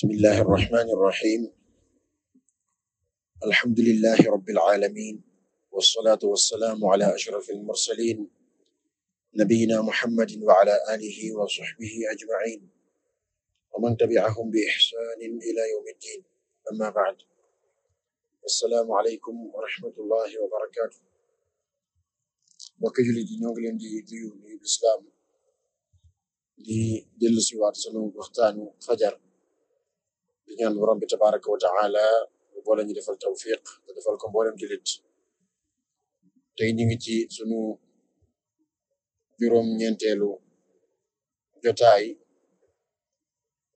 bismillahi irrahmani irrahim alhamdulilahi rabilalamin walsalaatu walsalaamu ala ashrafi almursalin nabiyina muhammadin wa ala alihi wa sahbihi ajmain wa man tabi'ahum bi ihsanin ila yawmi ddin amma ba'd assalaamu aleykum wa rahmatullahi wa barakatuh mbokk jullit yi ñoo ngi leen di nuyu nuyu lislaam di dellu si waat sunu waxtaanu fajar di ñaan borom bi tabaraka wa taala boole ñu defal tawfiq te defal ko mboolem julit tey ñu ngi ci sunu juróom ñeenteelu jotaay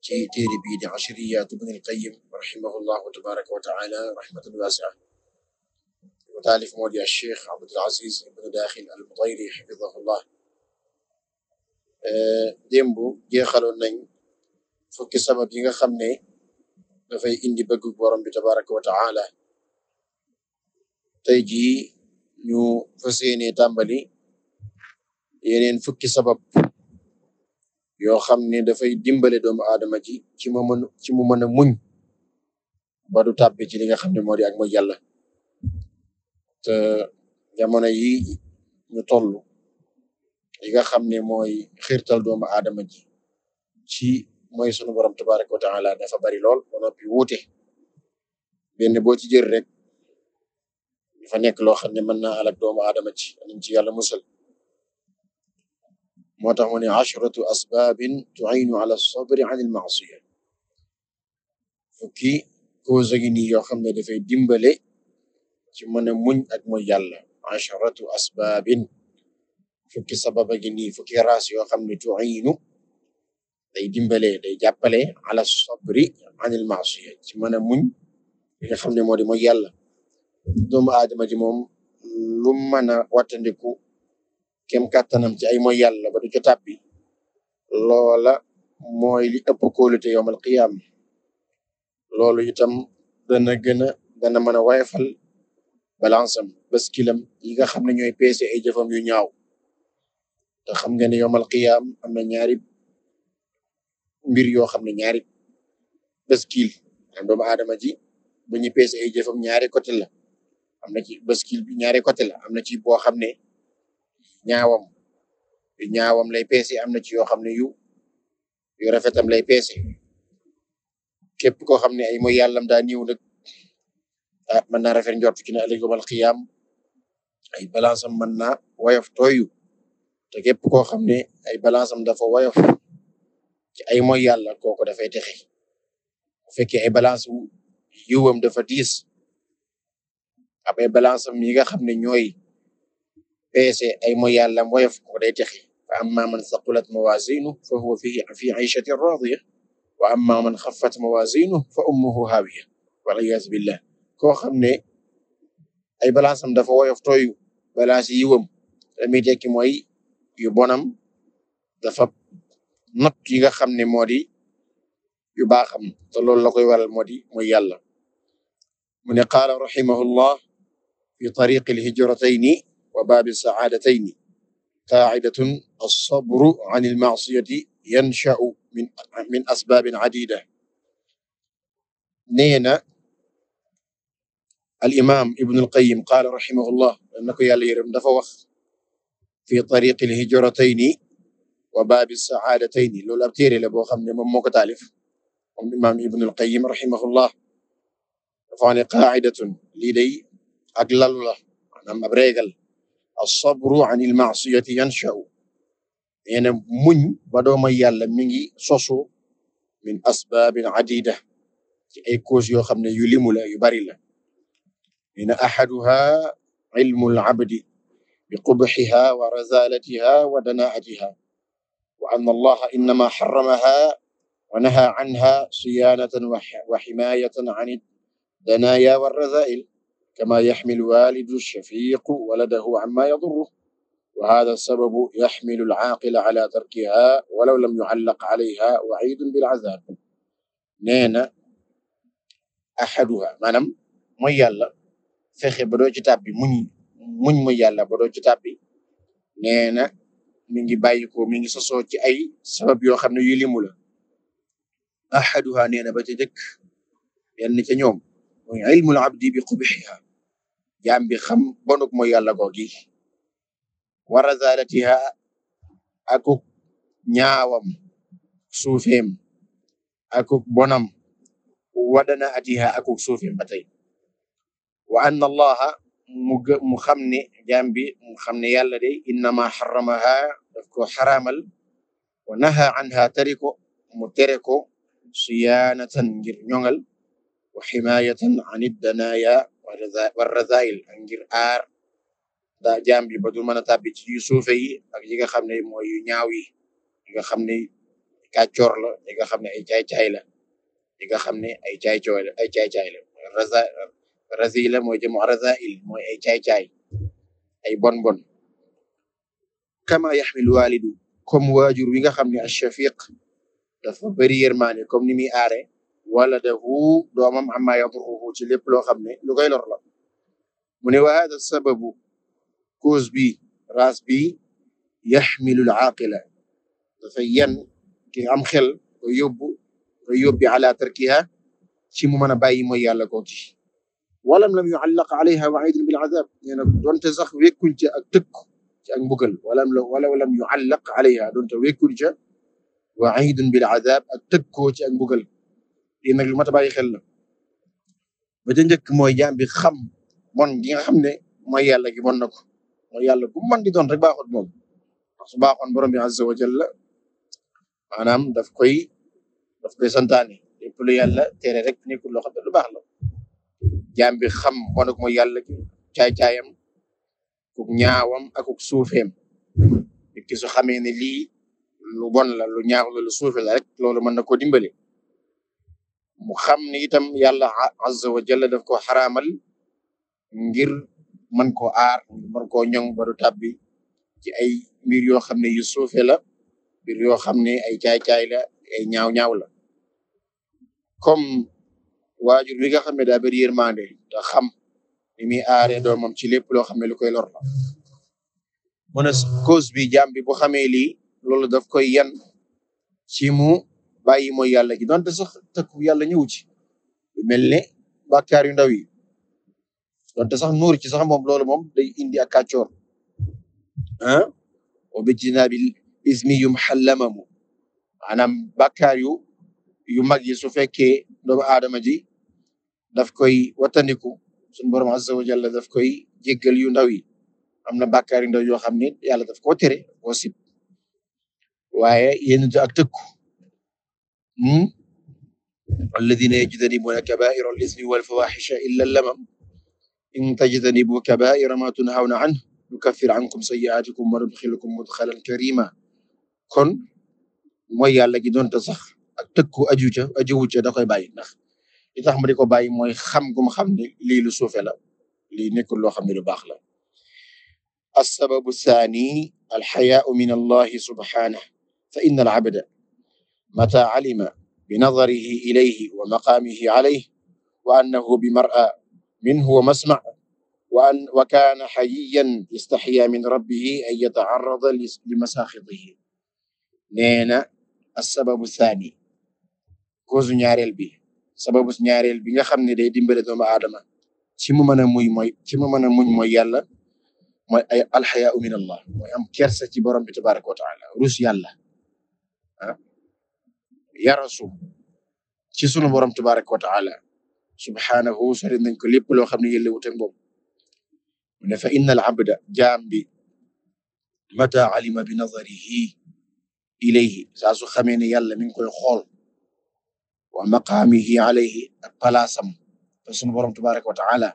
ci téere bii di ashriyaat ibn al-qayyim rahimahullahu tabaraka wa taala rahmatan wasia ko taalif moo di cheikh abdul aziz ibn daaxil al-mutayri xafidahullah démb jeexaloon nañ fukki sabab yi nga xam ne dafay indi bëgg borom bi tabaraka wa taala tey jii ñu fas yéene tàmbali yeneen fukki sabab yoo xam ne dafay dimbale doomu aadama ji ci mu mën ci mu mën a muñ ba du tàbbi ci li nga xam ne moo di ak mooy yàlla te jamono yi ñu toll yi nga xam ne mooy xiirtal doomu aadama ji ci mooy sunu borom tabaraka wa taala dafa bari lool ba noppi wuute benn boo ci jël rek dafa nekk loo xam ne mën naa alak doomu aadama ci aniñ ci yàlla musal moo tax mu ne ashratu asbabin tu'inu ala sabri an ma'siya fukki cause gi nii yoo xam ne dafay dimbale ci mën a muñ ak mooy yàlla ashratu asbabin fukki sababa gi nii fukki raas yoo xam day jimbale day jàppale ala sabri anil maasiya ci mën a muñ li nga xam ne moo di mooy yàlla doomu aadama ji moom lu mën a wattandiku kem kattanam ci ay mooy yàlla ba du ca tàbbi loola mooy li ëpp kóolute yowmal qiyaam loolu itam dana gën a dana mën a wayfal balance am baskilam yi nga xam ne ñooy peese ay jëfam yu ñaaw te xam nga ne yowmal qiyaam am na ñaari mbir yoo xam ne ñaari baskil am doomu aadama ji bu ñu peese ay jëfam ñaari côté la am na ci baskil ñaari côté la am na ci boo xam ne ñaawam ñaawam lay peese am na ci yoo xam ne yu yu rafetam lay peese képp koo xam ne ay mooy yàllam daa niw nag ah mën naa rafet njort ci ne ëllëg yawmal ay balance am mën naa woyof tooyu te képp koo xam ne ay balance am dafa woyof ci ay mooy yàlla kooku dafay texe bu fekkee ay balance wu dafa diis ab ay balance am yi nga xam ne ñooy peese ay mooy yàlla woyof kooku day texe fa amma man mawazinu fa huwa fi fi aishati radiya billah koo xam ne ay balance am dafa woyof tooyu balance yiwam la muy yu bonam dafa not yi nga xam ne moo di yu baaxam te loolu la koy waral moo di mooy yàlla mu ne qaala rahimahullah fi tariqi alhijratayni wa baabi saadatayni qaacidatun alsabru an almacsiyati yansha'u min min asbaabin cadida nee na al imam ibnu alqayim qaala rahimahullah na ko yàlla yërëm dafa wax fi tariqi alhijratayni wa baabi saadatayni loolu ab téere la boo xam ne moom moo ko taalif moom imaam ibn al qayyim rahimahullah dafa ne qaa'idatun lii day ak lalu la maanaam ab reegal as-sabru an il maasiyati yansha'u nee na muñ ba dooma yàlla mi ngi sosu min asbaabin adida ci ay cause yoo xam ne yu limu la yu bari la nee na ahaduha ilmu al abdi bi qubxiha wa razalatiha wa danaatiha wa anna allaha innama xaramaha wa naha anha siyaanatan wa ximaayatan an danaaya wa razaa'il kama yaxmil walidu shafiqu waladahu amma yadurruhu wa haada sababu yaxmilu alcaaqila ala tarkiha walaw lam yucallaq calayha waciidun bilcazaab nee na axaduha maanaam mooy yàlla fexe ba doo ci tàbbi muñ muñ mooy yàlla ba doo ci tàbbi nee na mi gi bàyyi ko mi ngi ci ay sabab yoo xam ne yu limu la ahaduha nee na ba ca jëkk yenn ca ñoom mooy ilmul abdi bi qubixiha jaam xam bonuk mooy yàlla googi wa razalatiha akuk ñaawam suufeem akuk bonam wadana atiha akuk suufeem ba wa anna allaha mu gë mu xam ne jaam bi mu xam ne yàlla day innama xaramaha daf ko xaraamal wa mu tere ko siyaanatan ngir ñoŋal wa ximaayatan an iddanaya wa razail ngir ar da jaam bi ba du mën a tàbbi yi ak yi nga xam ne mooy yu ñaaw yi yi nga xam ne kàccoor la yi nga xam ne ay caay xam ne ay razila mooy jëm razail mooy ay caay-caay ay bon bon kama yaxmil walidu comme waajur wi nga xam ne achafiq dafa bëri yërmaane comme ni muy aare wala dahu doomam amma yadruhu ci lépp loo xam ne lu koy lor la ne wa hada bi raas bi yaxmilul aqila dafa yen mu bàyyi mooy yàlla kooki walam lam yuallaq alayha waidun bil azab nee na donte sax wékkul ca ak tëkk ci ak mbugal walam la wala lam yuallaq alayha donte wékkul ca waidun bil azab ak tëkkoo ci ak mbugal lii nag lu mat a bàyyi xel la ba ca njëkk mooy jaam bi xam mon gi nga xam ne mooy yàlla gi mon na ko mooy yàlla bu man di doon rek baaxoon moom ndax su baaxoon borom bi azza wa jalla maanaam daf koy daf koy santaane lépp lu yàlla tere rek nekkul loo ne lu baax la jaam bi xam wanag mooy yàlla ki caay-caayam kuk ñaawam ak suufeem nit ki su xamee ne lii lu bon la lu ñaaw la lu suufe la rek loolu mën na ko dimbale mu xam ne itam yàlla azza wa def daf ko xaraamal ngir mën ko aar mën koo ñoŋ ba du tàbbi ci ay mbir yoo xam ne yu suufe la mbir yoo xam ne ay caay-caay la ay ñaaw-ñaaw la comme waajur bi nga xam ne daa bëri yërmande te xam ni muy aaree doomam ci lépp loo xam ne lu koy lor la mu ne bi jàmm bi bu xamee lii loolu daf koy yan ci mu bàyyi mooy yàlla gi donte sax tëkku yàlla ñëwu ci lu mel ne bàkkaar yu ndaw yi donte sax nuur ci sax moom loolu moom day indi ak kàccoor ah wa bijtinaabi ismi yum xallamamu maanaam bàkkaar yu yu mag yi su fekkee doomu aadama ji daf koy watandiku suñu borom azza wa daf koy jéggal yu ndaw yi am na bàkkaar yu ndaw yoo xam ne yàlla daf koo tere koo sib waaye yéen ak tëkku hmm? alladina yajtanibuna kabaira al ismi wal fawaxisha illa lamam in tajtanibu kabaira ma tunhawna anhu nukaffir ankum sayiatikum wa nudxilukum mudxalan karima kon mooy yàlla gi doonte sax ak tëkku aju ca dakoy ca da li tax ma di ko bàyyi mooy xam gum xam ne lii lu suufe la lii nekkul loo xam ne lu baax la assababu thani alxayaau min allahi subhanahu fa inna alabda mata alima binadarihi ilayhi wa maqaamihi alayhi wa annahu bimar'a minhu wa masma wa an wa kaana xayiyan yastaxiya min rabbihi an yatacarrada limasaaxitihi nee na assababu thani cause ñaareel bi sababu ñaareel bi nga xam ne day dimbale doomu aadama ci mu mën a muñ mooy ci mu mën a muñ mooy yàlla mooy ay alxayaau min allah mooy am kersa ci borom bi tabaraka wa taala rus yàlla ah yarasu ci sunu borom tabaraka wa taala subhaanahu sori nañ ko lépp loo xam ne yëlle wute moom mu ne fa inna jaam bi mata alima bi nazarihi ilayhi saa su xamee ne yàlla mi ngi koy xool wa maqaamihi alayhi ak palaasam te sunu borom tabaraka wa taala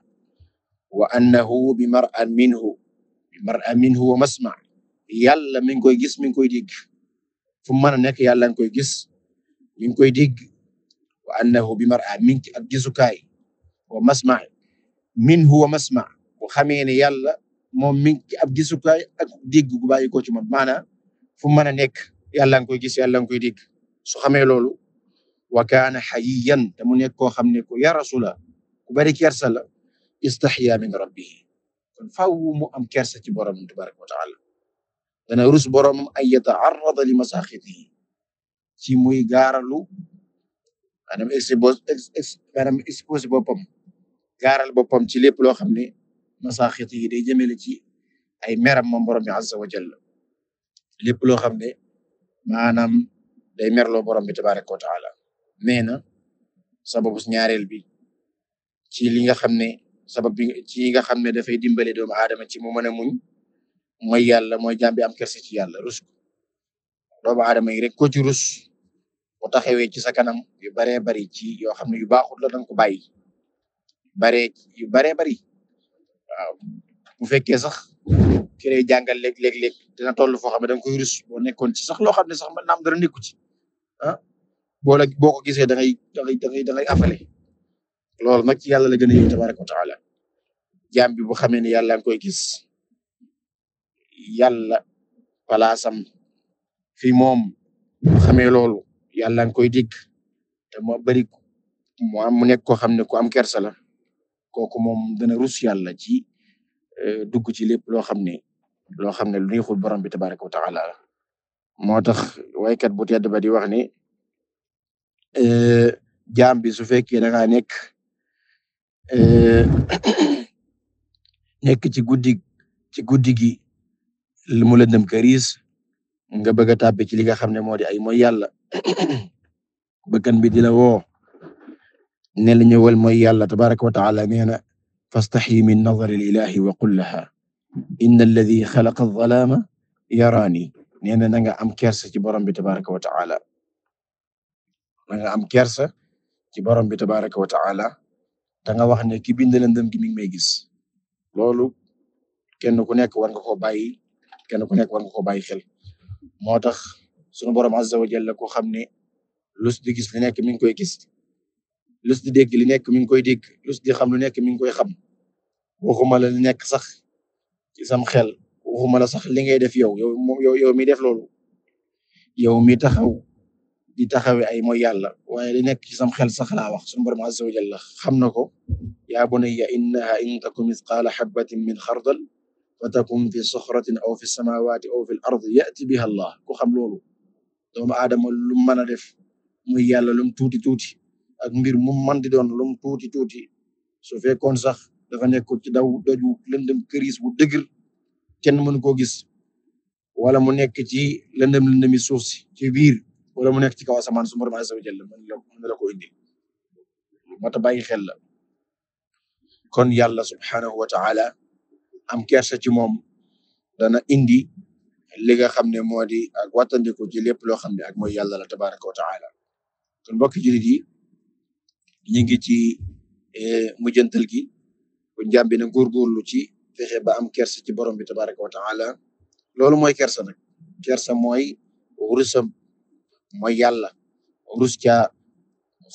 wa annahu bi mar'a minhu bi mar'a minhu wa masma yàlla mi ngi koy gis mi ngi koy dégg fu mën a nekk yàlla ngi koy gis mi ngi koy dégg wa annahu bi mar'a mi ngi ci ak gisukaay wa masma minhu wa masma bu xamee ne yàlla moom mi ngi ci ab gisukaay ak dégg ko ci moom maanaam fu mën a nekk yàlla ngi koy gis yàlla ngi koy wa kaana xayiyan te mu nekk koo xam ne ku yarasu la ku bari kersa la istaxya min rabbihi kon faw mu am kersa ci boromam tabaraka wa taala dana rus boromam ay yataarada li masaxitihi ci muy gaaralu maanaam maanaam exposé boppam gaaral boppam ci lépp loo xam ne masaxitihi day jëmele ci ay meram moom borom bi azza wa jalla loo xam ne maanaam day merloo borom bi tabaraka wa taala nee na sababu ñaareel bi ci li nga xam ne sabab bi ci yi nga xam ne dafay dimbale doomu aadama ci mu mën a muñ mooy yàlla mooy jàmbi am kersi ci yàlla rus doomu aadama yi rek ko ci rus bu taxawee ci sa kanam yu baree bari ci yoo xam ne yu baaxul la danga ko bàyyi bare yu baree bari waaw bu fekkee sax ki lay jàngal léeg-léeg dina toll foo xam ne danga koy rus boo nekkoon ci sax loo xam ne sax mën naam dara nekku ci ah boo la boo ko gisee da ngay da ngay da ngay afale loolu nag ci yàlla la gën a yëngu bi bu xamee ne yàlla nga koy gis yàlla palaasam fi moom xame xamee loolu yàlla nga koy dégg te mu bari mu am mu nekk koo xam ne ku am kersa la kooku moom dana rus yàlla ci euh, dugg ci lépp loo xam ne loo xam ne lu neexul borom bi tabaraka wa taala moo tax waykat bu tedd ba di wax ne jaam bi su fekkee da ngaa nekk nekk ci guddi ci guddi gi mu lëndëm këriis nga bëgg a tàbbi ci li nga xam ne moo di ay mooy yàlla bëkkan bi di woo ne la ñëwal mooy yàlla tabaraka wa taala nee na fastaxi min nadari lilahi wa qul laha inna alladi xalaqa alzalaama yaraani nee na na nga am kersa ci borom bi tabaraka wa na nga am kersa ci borom bi tabaraka wa taala da nga wax ne ki bind lëndëm mi ngi may gis loolu kenn ku nekk war nga koo bàyyi kenn ku nekk war nga koo bàyyi xel moo tax sunu borom azza wa jalla ko xam ne lus di gis li nekk mi ngi koy gis lus di dégg li nekk mi ngi koy dégg lus di xam lu nekk mi ngi koy xam waxuma la nekk sax ci sam xel waxuma la sax li ngay def yow yow yow yow mi def loolu yow mi taxaw di taxawe ay mooy yàlla waaye li nekk ci sam xel sax laa wax sunu borom azza wa jalla xam na ko yaa bunayya innaha in taku mithqaala xabbatin min xardal fa takun fi soxratin aw fi samawati aw fi l ard yati biha allah ku xam loolu doomu aadama lu mën a def muy yàlla lum tuuti tuuti ak mbir mu man di doon lum tuuti tuuti su fekkoon sax dafa nekk ci daw doju lëndëm këris bu dëgër kenn mënu koo gis wala mu nekk ci lëndëm lëndëmi suuf si ci biir wala mu nekk ci kaw asamaan su borom azza wa jalla mën la mën la ko indi moo tax bàyyi xel la kon yàlla subhanahu wa taala am kersa ci moom dana indi li nga xam ne moo di ak wattandiku ci lépp loo xam ne ak mooy yàlla la tabaraka wa taala kon mbokki jullit yi ñu ngi ci eh, mujjantal gi bu njàmbi ne lu ci fexe ba am kersa ci borom bi tabaraka wa taala loolu mooy kersa nag kersa mooy rusam mooy yàlla rus caa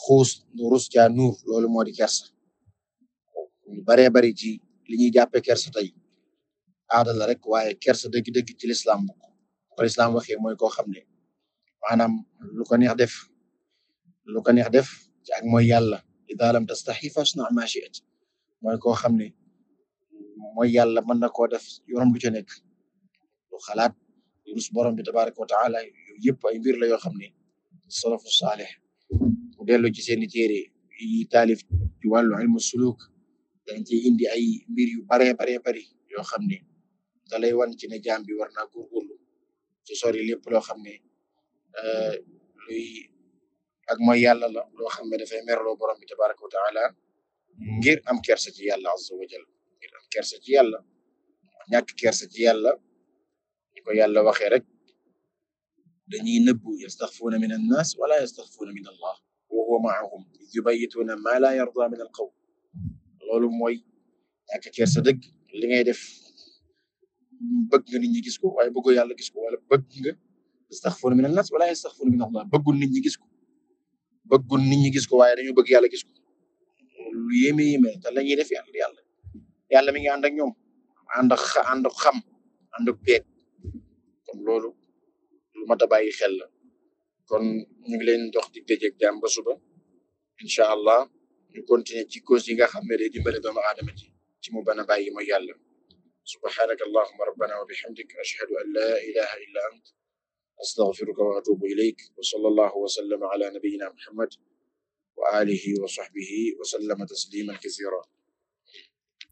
xuus rus caa nuur loolu moo di kersa ñu baree bari ci li ñuy jàppe kersa tey aada la rek waaye kersa dëgg-dëgg ci lislaam bu ko lislaam waxee mooy koo xam ne maanaam lu ko neex def lu ko neex def ci ak mooy yàlla ida lam tastaxi fasna ma shi'at mooy koo xam ne mooy yàlla mën na koo def yorom du ca nekk lu xalaat rus borom bi tabaraka wa taala yëpp ay mbir la yoo xam ne salafu saalih bu delloo ci seeni téere yi taalif ci wàllu ilmu suluk dañ ci indi ay mbir yu bare bare bari yoo xam ne da lay wan ci ne jaam bi war naa góorgóorlu ci sori lépp loo xam ne euh, luy ak mooy yàlla la loo xam ne dafay merloo borom bi tabaraka wa taala ngir am kersa ci yàlla azza wa jal ngir am kersa ci yàlla ñàkk kersa ci yàlla ni ko rek dañuy nëbbu yastaxfuuna min annaas wala yastaxfuuna min allah wa huwa maahum iz yubayituuna yarda min alqawl loolu mooy ñàkk kersa dëgg li ngay def bëgg nga nit ñi gis ko waaye bëggo yàlla gis ko wala bëgg nga yastaxfuuna min annaas allah bëggul nit ñi gis ko bëggul nit ñi gis ko waaye dañu bëgg yàlla gis ko lu def yàlla yàlla yàlla mi ngi ànd ak ñoom ànd xam ànd ak peeg kon lu mat a bàyyi xel la kon ñu ngi leen dox di dëjeeg jàmm ba suba incha allah ñu continuer ci cause yi nga xam ne day dimbale doomu aadama ji ci mu bana bàyyi mooy yàlla subhaanaka allahuma rabbana wa bihamdik ashhadu an la ilaha illa ant astaghfiruka wa atubu ilayk wa sallallahu wa sallama ala nabiyina muhammad wa alihi wa sahbihi wa sallama tasliman kasira